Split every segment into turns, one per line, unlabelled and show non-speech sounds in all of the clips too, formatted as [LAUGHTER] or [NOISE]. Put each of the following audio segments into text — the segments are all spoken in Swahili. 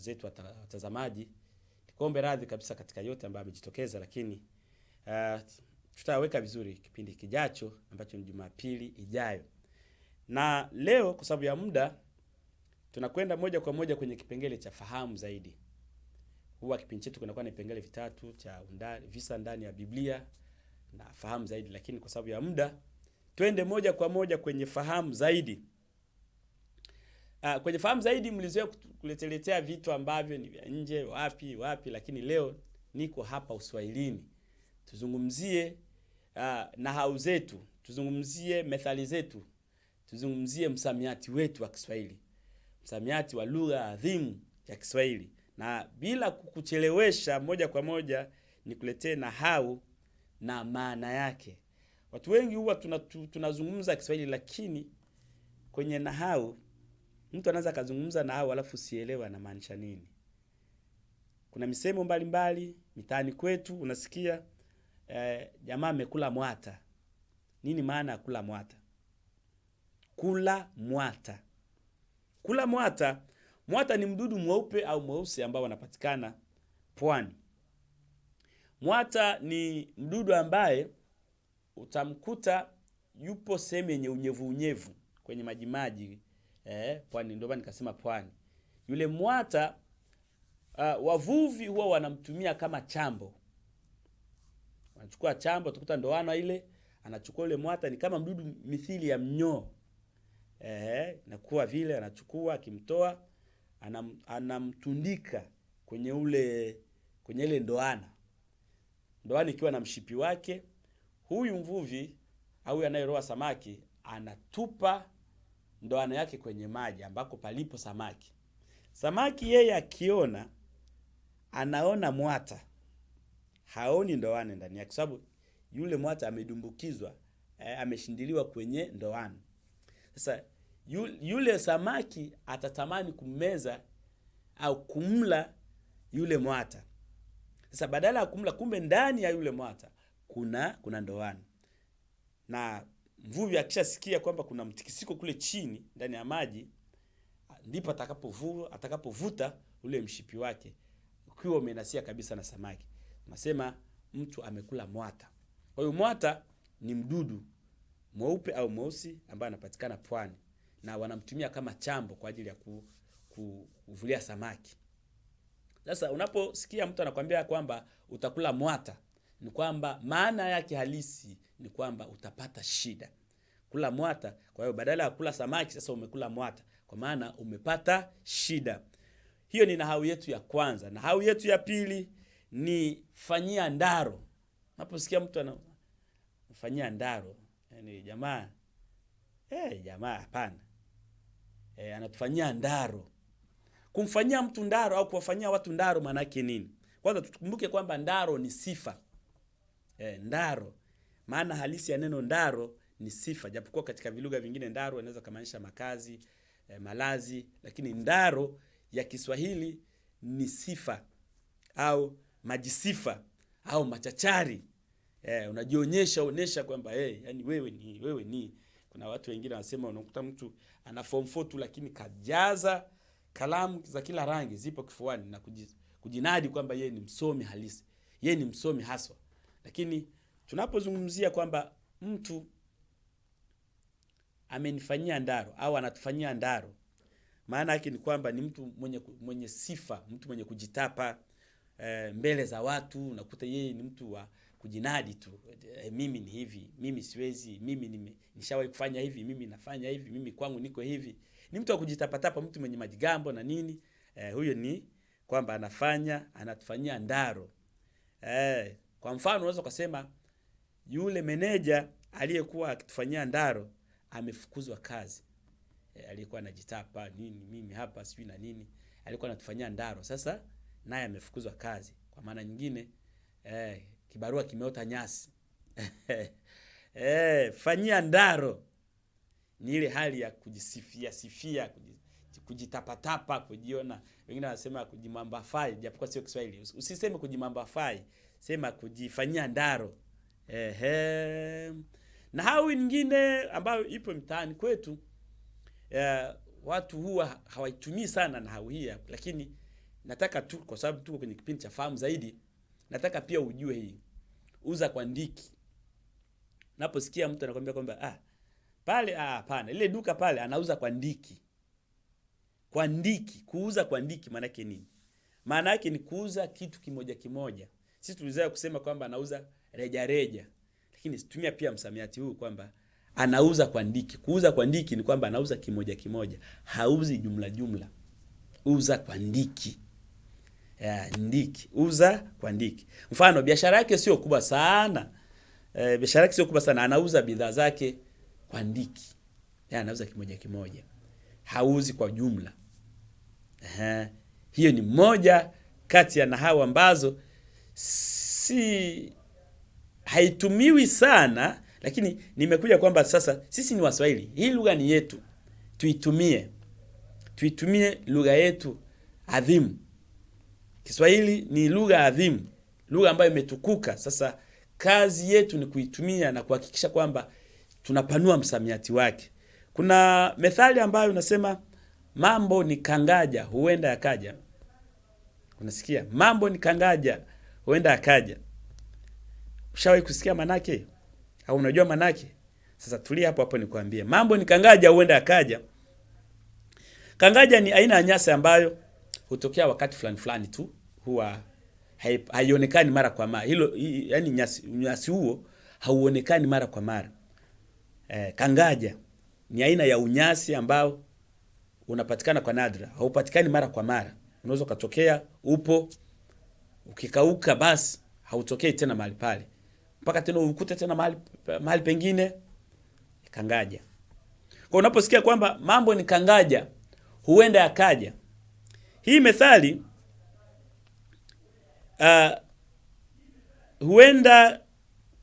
ndugu zetu watazamaji, nikuombe radhi kabisa katika yote ambayo amejitokeza, lakini uh, eh, tutaweka vizuri kipindi kijacho ambacho ni Jumapili ijayo. Na leo kwa sababu ya muda tunakwenda moja kwa moja kwenye kipengele cha fahamu zaidi. Huwa kipindi chetu kinakuwa na vipengele vitatu cha undani, visa ndani ya Biblia na fahamu zaidi, lakini kwa sababu ya muda twende moja kwa moja kwenye fahamu zaidi. Uh, kwenye fahamu zaidi mlizoea kuleteletea vitu ambavyo ni vya nje wapi wapi, lakini leo niko hapa Uswahilini, tuzungumzie uh, nahau zetu, tuzungumzie methali zetu, tuzungumzie msamiati wetu wa Kiswahili, msamiati wa lugha adhimu ya Kiswahili. Na bila kukuchelewesha, moja kwa moja nikuletee nahau na maana yake. Watu wengi huwa tunazungumza tuna Kiswahili, lakini kwenye nahau Mtu anaweza akazungumza na hao alafu sielewa anamaanisha nini. Kuna misemo mbalimbali mitaani kwetu unasikia eh, jamaa amekula mwata. Nini maana ya kula mwata? Kula mwata, kula mwata. Mwata ni mdudu mweupe au mweusi ambao wanapatikana pwani. Mwata ni mdudu ambaye utamkuta yupo sehemu yenye unyevu unyevu kwenye majimaji eh, pwani ndio maana nikasema pwani. Yule mwata uh, wavuvi huwa wanamtumia kama chambo, wanachukua chambo, utakuta ndoana ile, anachukua yule mwata, ni kama mdudu mithili ya mnyoo eh, nakuwa vile, anachukua akimtoa, anam, anamtundika kwenye ule kwenye ile ndoana, ndoana ikiwa na mshipi wake, huyu mvuvi au anayeroa samaki anatupa ndoano yake kwenye maji ambako palipo samaki. Samaki yeye akiona anaona mwata, haoni ndoano ndani yake, sababu yule mwata amedumbukizwa, eh, ameshindiliwa kwenye ndoano. Sasa yule samaki atatamani kumeza au kumla yule mwata. Sasa badala ya kumla, kumbe ndani ya yule mwata kuna kuna ndoano na Mvuvi akishasikia kwamba kuna mtikisiko kule chini ndani ya maji, ndipo atakapovuta atakapovuta ule mshipi wake ukiwa umenasia kabisa na samaki. Nasema mtu amekula mwata. Kwa hiyo mwata ni mdudu mweupe au mweusi ambaye anapatikana pwani na wanamtumia kama chambo kwa ajili ya ku, ku, kuvulia samaki. Sasa unaposikia mtu anakwambia kwamba utakula mwata, ni kwamba maana yake halisi ni kwamba utapata shida kula mwata. Kwa hiyo badala ya kula samaki sasa umekula mwata, kwa maana umepata shida. Hiyo ni nahau yetu ya kwanza. Nahau yetu ya pili ni fanyia ndaro. Unaposikia mtu anafanyia ndaro, yani jamaa eh, jamaa hapana, eh, anatufanyia ndaro. Kumfanyia mtu ndaro au kuwafanyia watu ndaro maana yake nini? Kwanza tukumbuke kwamba ndaro ni sifa eh, ndaro maana halisi ya neno ndaro ni sifa, japokuwa katika vilugha vingine ndaro inaweza kumaanisha makazi eh, malazi, lakini ndaro ya Kiswahili ni sifa au majisifa au machachari. eh, unajionyesha onesha kwamba hey, eh, yani wewe ni wewe ni. Kuna watu wengine wanasema, unakuta mtu ana form 4 tu, lakini kajaza kalamu za kila rangi zipo kifuani na kujinadi kwamba yeye ni msomi halisi, yeye ni msomi haswa, lakini Tunapozungumzia kwamba mtu amenifanyia ndaro au anatufanyia ndaro, maana yake ni kwamba ni mtu mwenye, mwenye sifa, mtu mwenye kujitapa e, mbele za watu. Unakuta yeye ni mtu wa kujinadi tu e, mimi ni hivi, mimi siwezi, mimi nishawahi kufanya hivi, mimi nafanya hivi, mimi kwangu niko hivi. Ni mtu wa kujitapatapa, mtu mwenye majigambo na nini e, huyo ni kwamba anafanya anatufanyia ndaro e, kwa mfano unaweza ukasema yule meneja aliyekuwa akitufanyia ndaro amefukuzwa kazi. E, eh, alikuwa anajitapa nini mimi hapa sijui na nini, alikuwa anatufanyia ndaro, sasa naye amefukuzwa kazi. Kwa maana nyingine e, kibarua kimeota nyasi [LAUGHS] e, fanyia ndaro ni ile hali ya kujisifia sifia, kujitapatapa, kujiona. Wengine wanasema kujimambafai, japokuwa sio Kiswahili. Usiseme kujimambafai, sema kujifanyia ndaro. Ehe. Na hao wengine ambayo ipo mtaani kwetu e, watu huwa hawaitumii sana na hao hii, lakini nataka tu kwa sababu tuko kwenye kipindi cha fahamu zaidi, nataka pia ujue hii uza kwa ndiki. Naposikia mtu anakuambia kwamba ah, pale ah, hapana, ile duka pale anauza kwa ndiki. Kwa ndiki, kuuza kwa ndiki maana yake nini? Maana yake ni kuuza kitu kimoja kimoja. Sisi tulizoea kusema kwamba anauza rejareja, lakini situmia pia msamiati huu kwamba anauza kwa ndiki. Kuuza kwa ndiki ni kwamba anauza kimoja kimoja, hauzi jumla jumla. Uza kwa ndiki ya, ndiki uza kwa ndiki. Mfano biashara yake sio kubwa sana e, biashara yake sio kubwa sana, anauza bidhaa zake kwa ndiki ya, anauza kimoja kimoja, hauzi kwa jumla. Aha. Hiyo ni moja kati ya nahau ambazo si haitumiwi sana, lakini nimekuja kwamba sasa sisi ni Waswahili, hii lugha ni yetu, tuitumie, tuitumie lugha yetu adhimu. Kiswahili ni lugha adhimu, lugha ambayo imetukuka. Sasa kazi yetu ni kuitumia na kuhakikisha kwamba tunapanua msamiati wake. Kuna methali ambayo unasema mambo ni kangaja, huenda yakaja. Unasikia, mambo ni kangaja, huenda yakaja. Ushawahi kusikia manake? Au unajua manake? Sasa tulia hapo hapo nikwambie. Mambo ni kangaja huenda akaja. Kangaja ni aina ya nyasi ambayo hutokea wakati fulani fulani tu, huwa haionekani mara kwa mara. Hilo yani nyasi, nyasi huo hauonekani mara kwa mara. Eh, kangaja ni aina ya unyasi ambao unapatikana kwa nadra, haupatikani mara kwa mara. Unaweza ukatokea, upo, ukikauka basi hautokei tena mahali pale mpaka tena ukute tena mahali mahali pengine kangaja. Kwa unaposikia kwamba mambo ni kangaja, huenda yakaja. Hii methali uh, huenda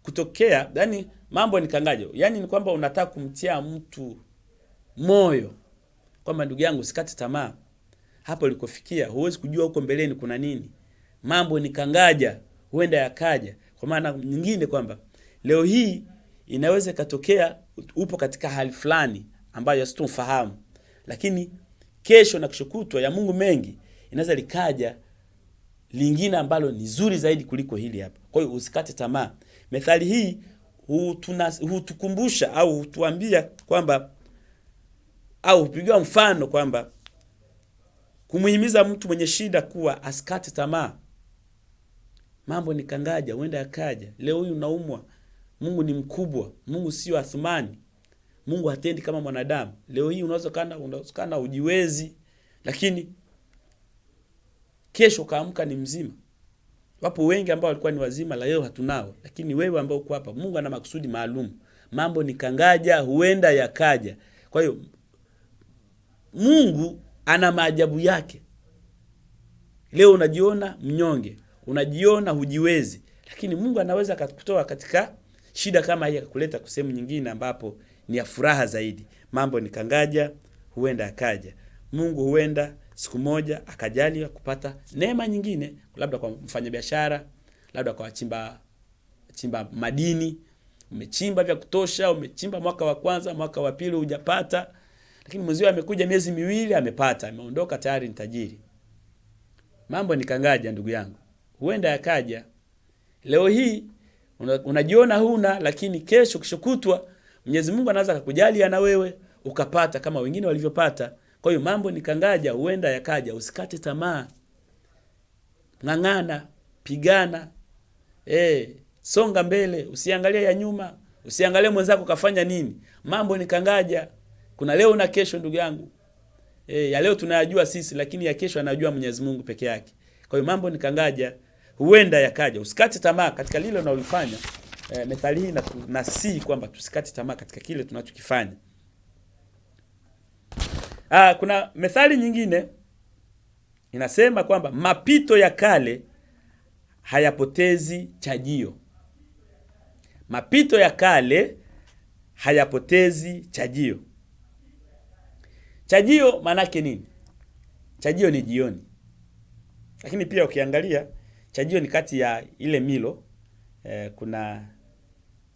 kutokea, yani mambo ni kangaja, yani ni kwamba unataka kumtia mtu moyo kwamba ndugu yangu, usikate tamaa, hapo ulikofikia huwezi kujua huko mbeleni kuna nini. Mambo ni kangaja, huenda yakaja. Kwa maana nyingine kwamba leo hii inaweza ikatokea upo katika hali fulani ambayo asitumfahamu, lakini kesho na keshokutwa ya Mungu mengi inaweza likaja lingine ambalo ni zuri zaidi kuliko hili hapa. Kwa hiyo usikate tamaa. Methali hii hutukumbusha au hutuambia kwamba au hupigiwa mfano kwamba kumhimiza mtu mwenye shida kuwa asikate tamaa mambo ni kangaja, huenda yakaja. Leo huyu unaumwa. Mungu ni mkubwa, Mungu sio Athumani, Mungu hatendi kama mwanadamu. Leo hii unaweza kana ujiwezi, lakini kesho kaamka ni mzima. Wapo wengi ambao walikuwa ni wazima leo hatunao, lakini wewe ambao uko hapa, Mungu ana makusudi maalum. Mambo ni kangaja, huenda yakaja. Kwa hiyo Mungu ana maajabu yake. Leo unajiona mnyonge, unajiona hujiwezi, lakini Mungu anaweza akakutoa katika shida kama hii akakuleta sehemu nyingine ambapo ni ya furaha zaidi. Mambo ni kangaja, huenda akaja Mungu, huenda siku moja akajalia kupata neema nyingine, labda kwa mfanyabiashara, labda kwa wachimba chimba madini. Umechimba vya kutosha, umechimba mwaka wa kwanza, mwaka wa pili hujapata, lakini mzee amekuja miezi miwili amepata, ameondoka tayari ni tajiri. Mambo ni kangaja, ndugu yangu huenda yakaja. Leo hii unajiona huna, lakini kesho kishokutwa Mwenyezi Mungu anaweza kukujalia na wewe ukapata kama wengine walivyopata. Kwa hiyo mambo ni kangaja, huenda yakaja. Usikate tamaa, ng'ang'ana, pigana, eh, songa mbele, usiangalie ya nyuma, usiangalie mwenzako kafanya nini. Mambo ni kangaja, kuna leo na kesho, ndugu yangu. E, ya leo tunayajua sisi, lakini ya kesho anajua Mwenyezi Mungu peke yake. Kwa hiyo mambo ni kangaja huenda yakaja. Usikate tamaa katika lile unalofanya. E, methali hii natusihi kwamba tusikate tamaa katika kile tunachokifanya. Ah, kuna methali nyingine inasema kwamba mapito ya kale hayapotezi chajio. Mapito ya kale hayapotezi chajio. Chajio maanake nini? Chajio ni jioni, lakini pia ukiangalia Chajio ni kati ya ile milo eh, kuna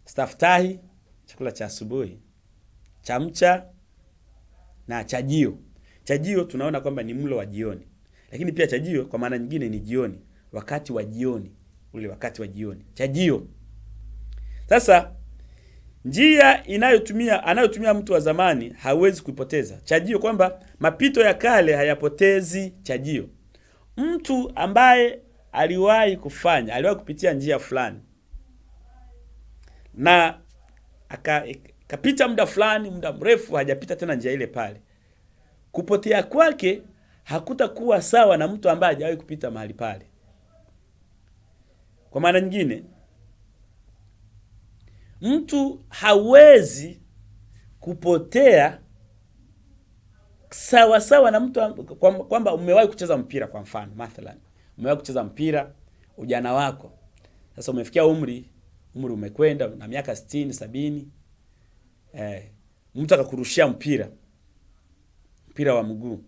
staftahi, chakula cha asubuhi, chamcha na chajio. Chajio tunaona kwamba ni mlo wa jioni, lakini pia chajio kwa maana nyingine ni jioni, wakati wa jioni, ule wakati wa jioni, chajio. Sasa njia inayotumia anayotumia mtu wa zamani hawezi kuipoteza chajio, kwamba mapito ya kale hayapotezi chajio. Mtu ambaye aliwahi kufanya, aliwahi kupitia njia fulani na akapita muda fulani, muda mrefu hajapita tena njia ile pale. Kupotea kwake hakutakuwa sawa na mtu ambaye hajawahi kupita mahali pale. Kwa maana nyingine, mtu hawezi kupotea sawa sawa na mtu kwamba umewahi kucheza mpira kwa mfano mathalan umewahi kucheza mpira ujana wako, sasa umefikia umri, umri umekwenda na miaka sitini sabini, eh, mtu akakurushia mpira, mpira wa mguu.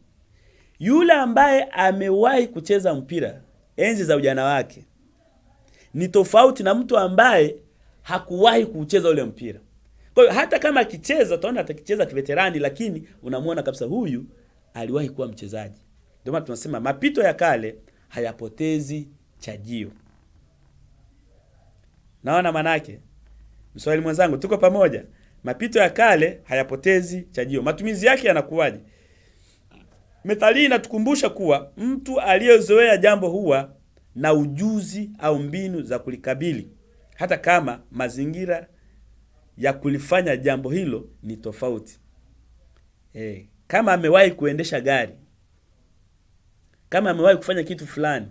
Yule ambaye amewahi kucheza mpira enzi za ujana wake ni tofauti na mtu ambaye hakuwahi kucheza ule mpira. Kwa hiyo hata kama akicheza, utaona atakicheza kiveterani, lakini unamwona kabisa huyu aliwahi kuwa mchezaji. Ndio maana tunasema mapito ya kale hayapotezi chajio. Naona manake mswahili mwenzangu, tuko pamoja. Mapito ya kale hayapotezi chajio, matumizi yake yanakuwaje? Methali inatukumbusha kuwa mtu aliyezoea jambo huwa na ujuzi au mbinu za kulikabili, hata kama mazingira ya kulifanya jambo hilo ni tofauti. E, kama amewahi kuendesha gari kama amewahi kufanya kitu fulani,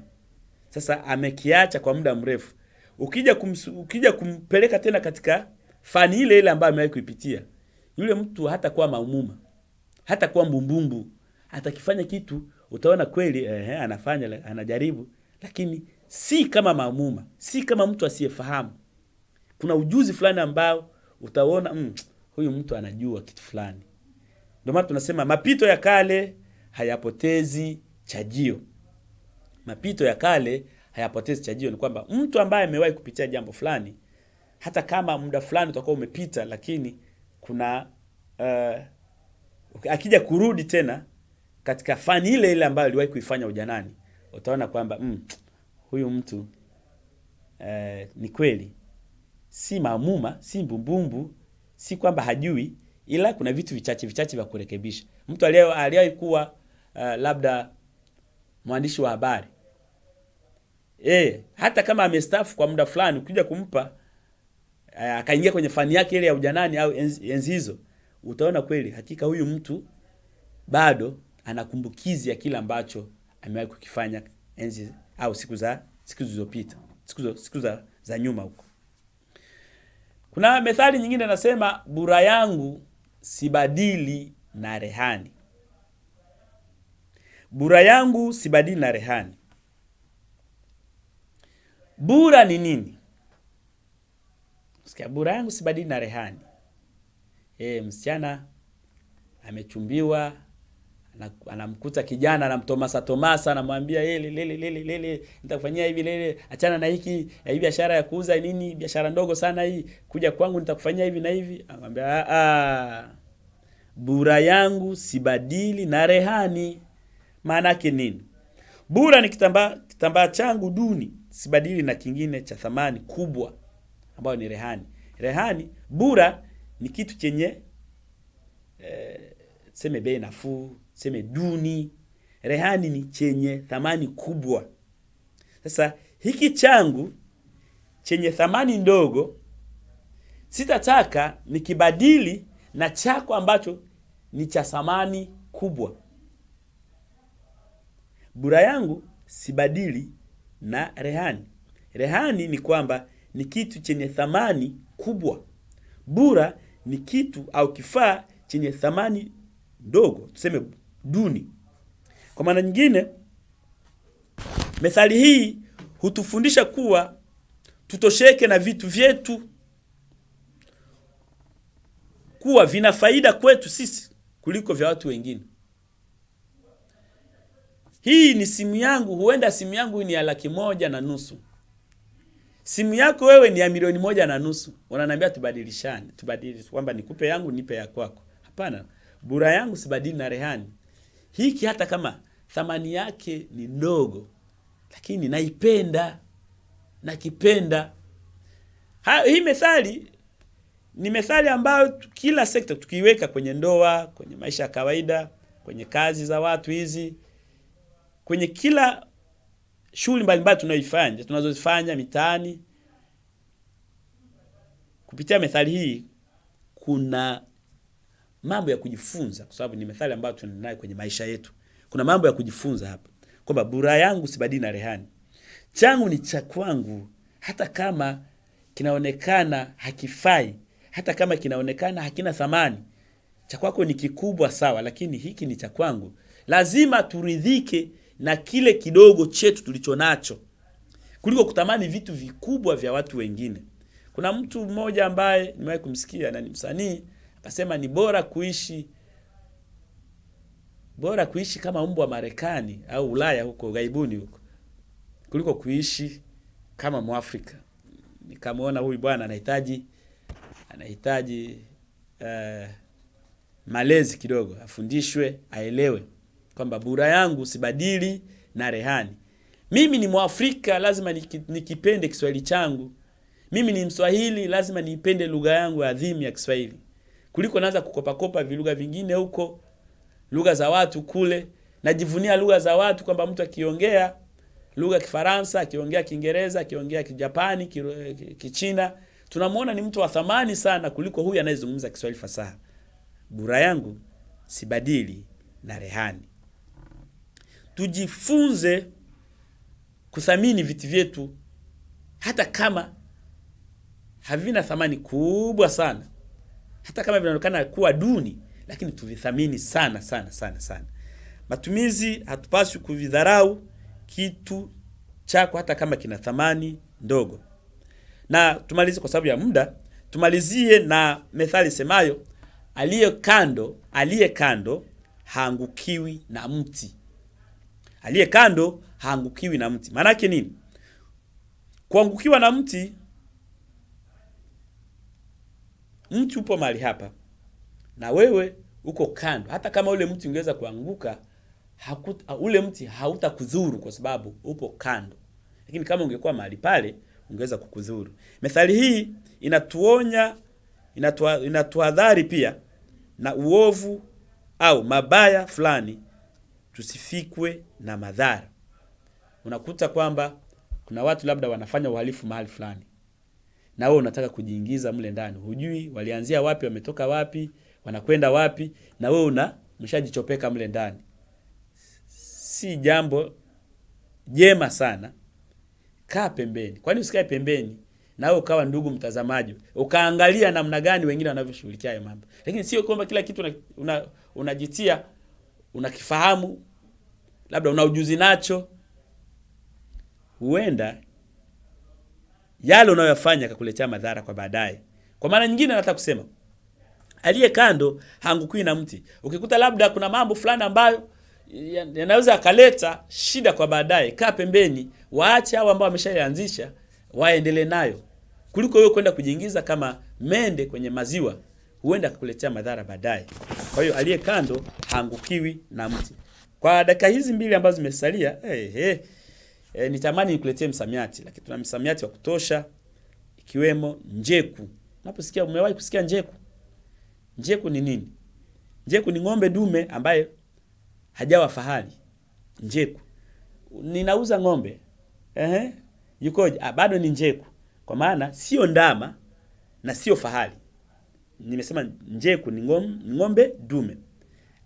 sasa amekiacha kwa muda mrefu, ukija kumsu, ukija kumpeleka tena katika fani ile ile ambayo amewahi kuipitia, yule mtu hata kuwa maumuma, hata kuwa mbumbumbu, atakifanya kitu utaona kweli eh, anafanya anajaribu, lakini si kama maumuma, si kama mtu asiyefahamu. Kuna ujuzi fulani ambao utaona mm, huyu mtu anajua kitu fulani. Ndio maana tunasema mapito ya kale hayapotezi chajio. Mapito ya kale hayapotezi chajio. Ni kwamba mtu ambaye amewahi kupitia jambo fulani, hata kama muda fulani utakuwa umepita, lakini kuna uh, akija kurudi tena katika fani ile ile ambayo aliwahi kuifanya ujanani, utaona kwamba mm, huyu mtu eh, ni kweli si maamuma, si mbumbumbu, si kwamba hajui, ila kuna vitu vichache vichache vya kurekebisha. Mtu aliyewahi kuwa uh, labda mwandishi wa habari e, hata kama amestafu kwa muda fulani, ukija kumpa eh, akaingia kwenye fani yake ile ya ujanani au enzi hizo, utaona kweli hakika huyu mtu bado anakumbukizi ya kile ambacho amewahi kukifanya enzi au siku za siku zilizopita, siku, siku za, za nyuma huko. Kuna methali nyingine anasema, bura yangu sibadili na rehani. Bura yangu sibadili na rehani. Bura ni nini? Sikia, bura yangu sibadili na rehani. E, msichana amechumbiwa, anamkuta kijana anamtomasa tomasa, anamwambia eh, lele lele lele lele, nitakufanyia hivi lele, achana na hiki, hii biashara ya kuuza nini, biashara ndogo sana hii, kuja kwangu nitakufanyia hivi na hivi. Anamwambia a ah, ah, bura yangu sibadili na rehani maana yake nini? Bura ni kitambaa kitambaa changu duni, sibadili na kingine cha thamani kubwa, ambayo ni rehani. Rehani bura ni kitu chenye eh, seme bei nafuu, seme duni. Rehani ni chenye thamani kubwa. Sasa hiki changu chenye thamani ndogo sitataka nikibadili na chako ambacho ni cha thamani kubwa. Bura yangu sibadili na rehani. Rehani ni kwamba ni kitu chenye thamani kubwa. Bura ni kitu au kifaa chenye thamani ndogo, tuseme duni. Kwa maana nyingine, methali hii hutufundisha kuwa tutosheke na vitu vyetu kuwa vina faida kwetu sisi kuliko vya watu wengine hii ni simu yangu, huenda simu yangu ni ya laki moja na nusu, simu yako wewe ni ya milioni moja na nusu. Unaniambia tubadilishane, tubadilishane kwamba nikupe yangu nipe ya kwako. Hapana, bura yangu sibadili na rehani. Hiki hata kama thamani yake ni ndogo, lakini naipenda, nakipenda. Ha, hii methali ni methali ambayo kila sekta tukiiweka kwenye ndoa, kwenye maisha ya kawaida, kwenye kazi za watu hizi kwenye kila shughuli mbalimbali tunayoifanya tunazozifanya mitaani, kupitia methali hii kuna mambo ya kujifunza, kwa sababu ni methali ambayo tunanayo kwenye maisha yetu. Kuna mambo ya kujifunza hapa kwamba bura yangu sibadili na rehani, changu ni cha kwangu, hata kama kinaonekana hakifai, hata kama kinaonekana hakina thamani. Cha kwako ni kikubwa sawa, lakini hiki ni cha kwangu. Lazima turidhike na kile kidogo chetu tulicho nacho kuliko kutamani vitu vikubwa vya watu wengine. Kuna mtu mmoja ambaye nimewahi kumsikia na ni msanii akasema, ni bora kuishi bora kuishi kama mbwa Marekani au Ulaya huko ughaibuni huko kuliko kuishi kama Mwafrika. Nikamwona huyu bwana anahitaji anahitaji uh, malezi kidogo, afundishwe, aelewe kwamba bura yangu sibadili na rehani. Mimi ni Mwafrika, lazima nikipende Kiswahili changu. Mimi ni Mswahili, lazima niipende lugha yangu adhimu ya Kiswahili, kuliko naanza kukopakopa vilugha vingine huko, lugha za watu kule. Najivunia lugha za watu kwamba mtu akiongea lugha Kifaransa, akiongea Kiingereza, akiongea Kijapani, Kichina, tunamwona ni mtu wa thamani sana kuliko huyu anayezungumza Kiswahili fasaha. Bura yangu sibadili na rehani tujifunze kuthamini viti vyetu hata kama havina thamani kubwa sana, hata kama vinaonekana kuwa duni, lakini tuvithamini sana sana sana sana. Matumizi hatupaswi kuvidharau kitu chako hata kama kina thamani ndogo. Na tumalize kwa sababu ya muda, tumalizie na methali semayo, aliye kando aliye kando haangukiwi na mti aliye kando haangukiwi na mti. Maana yake nini? Kuangukiwa na mti, mti upo mahali hapa na wewe uko kando. Hata kama ule mti ungeweza kuanguka ule mti hautakudhuru kwa sababu upo kando, lakini kama ungekuwa mahali pale ungeweza kukudhuru. Methali hii inatuonya, inatuadhari pia na uovu au mabaya fulani tusifikwe na madhara. Unakuta kwamba kuna watu labda wanafanya uhalifu mahali fulani, na wewe unataka kujiingiza mle ndani, hujui walianzia wapi, wametoka wapi, wanakwenda wapi, na wewe una mshajichopeka mle ndani. Si jambo jema sana. Kaa pembeni. Kwani usikae pembeni na wewe ukawa ndugu mtazamaji, ukaangalia namna gani wengine wanavyoshughulikia hayo mambo, lakini sio kwamba kila kitu unajitia una, una unakifahamu, labda una ujuzi nacho, huenda yale unayoyafanya kakuletea madhara kwa baadaye. Kwa maana nyingine, nataka kusema aliye kando haanguki na mti. Ukikuta labda kuna mambo fulani ambayo yanaweza akaleta shida kwa baadaye, kaa pembeni, waache hao ambao wameshaanzisha waendelee nayo, kuliko wewe kwenda kujiingiza kama mende kwenye maziwa, huenda akakuletea madhara baadaye. Kwa hiyo aliye kando haangukiwi na mti. Kwa dakika hizi mbili ambazo zimesalia, hey, eh, eh, hey, eh, hey, nitamani nikuletee msamiati, lakini tuna msamiati wa kutosha ikiwemo njeku. Unaposikia, umewahi kusikia njeku? Njeku ni nini? Njeku ni ng'ombe dume ambaye hajawa fahali. Njeku. Ninauza ng'ombe. Ehe. Yukoje? Ah, bado ni njeku. Kwa maana sio ndama na sio fahali nimesema njeku ni ng'ombe dume.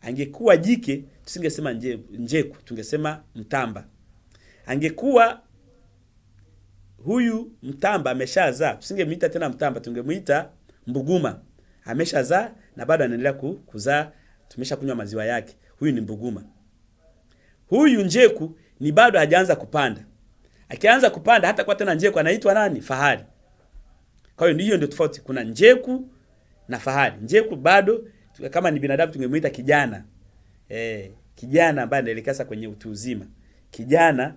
Angekuwa jike tusingesema njeku tungesema mtamba. Angekuwa huyu mtamba ameshazaa tusingemwita tena mtamba, tungemwita mbuguma. Ameshazaa na bado anaendelea kuzaa, tumeshakunywa maziwa yake. Huyu ni mbuguma. Huyu njeku ni bado hajaanza kupanda. Akianza kupanda hata kwa tena njeku anaitwa nani? Fahari. Kwa hiyo ndiyo ndio tofauti, kuna njeku na fahari. Njeku bado kama ni binadamu tungemuita kijana. Eh, kijana ambaye anaelekea sasa kwenye utu uzima. Kijana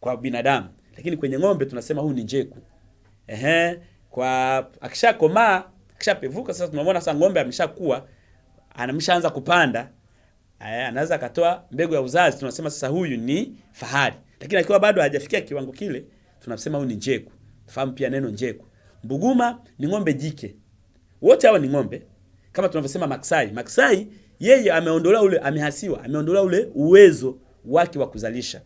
kwa binadamu. Lakini kwenye ng'ombe tunasema huu ni njeku. Ehe, kwa akishakomaa, akishapevuka sasa tunamwona sasa ng'ombe ameshakuwa, anamshaanza kupanda. E, anaweza akatoa mbegu ya uzazi, tunasema sasa huyu ni fahari. Lakini akiwa bado hajafikia kiwango kile, tunasema huyu ni njeku. Tufahamu pia neno njeku. Mbuguma ni ng'ombe jike. Wote hawa ni ng'ombe kama tunavyosema maksai. Maksai yeye ameondolewa ule amehasiwa, ameondolewa ule uwezo wake wa kuzalisha.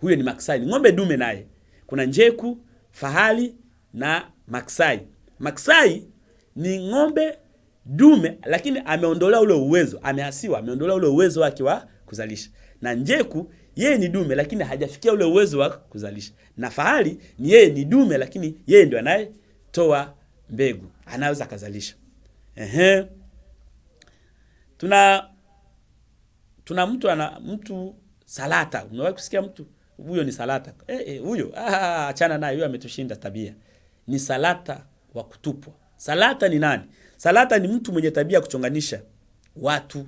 Huyo ni maksai. Ng'ombe dume naye. Kuna njeku, fahali na maksai. Maksai ni ng'ombe dume lakini ameondolewa ule uwezo, amehasiwa, ameondolewa ule uwezo wake wa kuzalisha. Na njeku yeye ni dume lakini hajafikia ule uwezo wa kuzalisha. Na fahali ni yeye ni dume lakini yeye ndio anayetoa mbegu anaweza akazalisha. Ehe, tuna tuna mtu ana mtu salata. Umewahi kusikia mtu huyo ni salata? Eh, huyo e, ah, achana naye, huyo ametushinda tabia. Ni salata wa kutupwa. Salata ni nani? Salata ni mtu mwenye tabia ya kuchonganisha watu.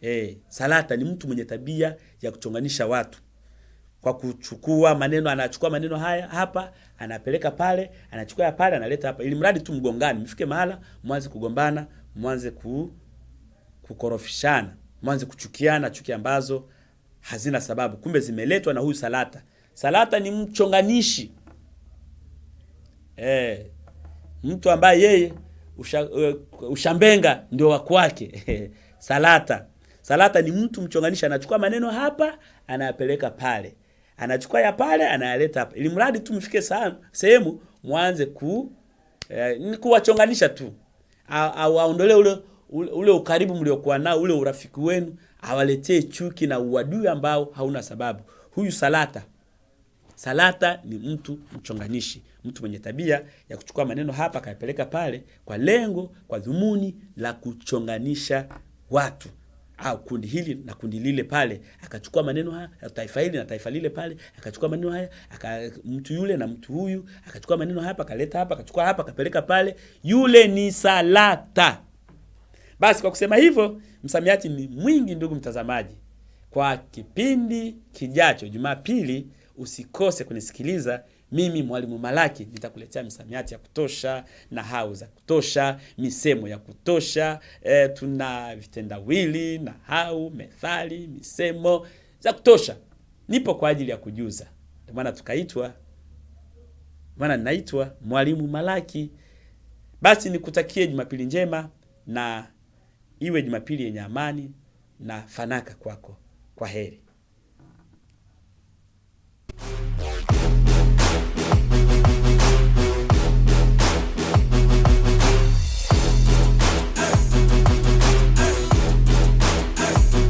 Eh, salata ni mtu mwenye tabia ya kuchonganisha watu kwa kuchukua maneno, anachukua maneno haya hapa, anapeleka pale, anachukua ya pale, analeta hapa, ili mradi tu mgongani mfike mahala mwanze kugombana, mwanze ku, kukorofishana, mwanze kuchukiana, chuki ambazo hazina sababu, kumbe zimeletwa na huyu Salata. Salata ni mchonganishi eh, mtu ambaye yeye usha, eh, ushambenga ndio wa kwake [LAUGHS] Salata. Salata ni mtu mchonganishi, anachukua maneno hapa anayapeleka pale anachukua ya pale anayaleta hapa, ili mradi tu mfike sehemu mwanze ku eh, kuwachonganisha tu, awaondole ule, ule, ule ukaribu mliokuwa nao, ule urafiki wenu, awaletee chuki na uadui ambao hauna sababu. Huyu Salata Salata ni mtu mchonganishi, mtu mwenye tabia ya kuchukua maneno hapa akayapeleka pale, kwa lengo, kwa dhumuni la kuchonganisha watu au kundi hili na kundi lile pale, akachukua maneno haya, taifa hili na taifa lile pale, akachukua maneno haya aka, mtu yule na mtu huyu, akachukua maneno hapa akaleta hapa, akachukua hapa akapeleka pale. Yule ni salata. Basi kwa kusema hivyo, msamiati ni mwingi, ndugu mtazamaji. Kwa kipindi kijacho Jumapili usikose kunisikiliza. Mimi Mwalimu Malaki nitakuletea misamiati ya kutosha, nahau za kutosha, misemo ya kutosha. E, tuna vitendawili, nahau, methali, misemo za kutosha. Nipo kwa ajili ya kujuza, ndio maana tukaitwa, maana ninaitwa Mwalimu Malaki. Basi nikutakie Jumapili njema na iwe Jumapili yenye amani na fanaka kwako. Kwa heri.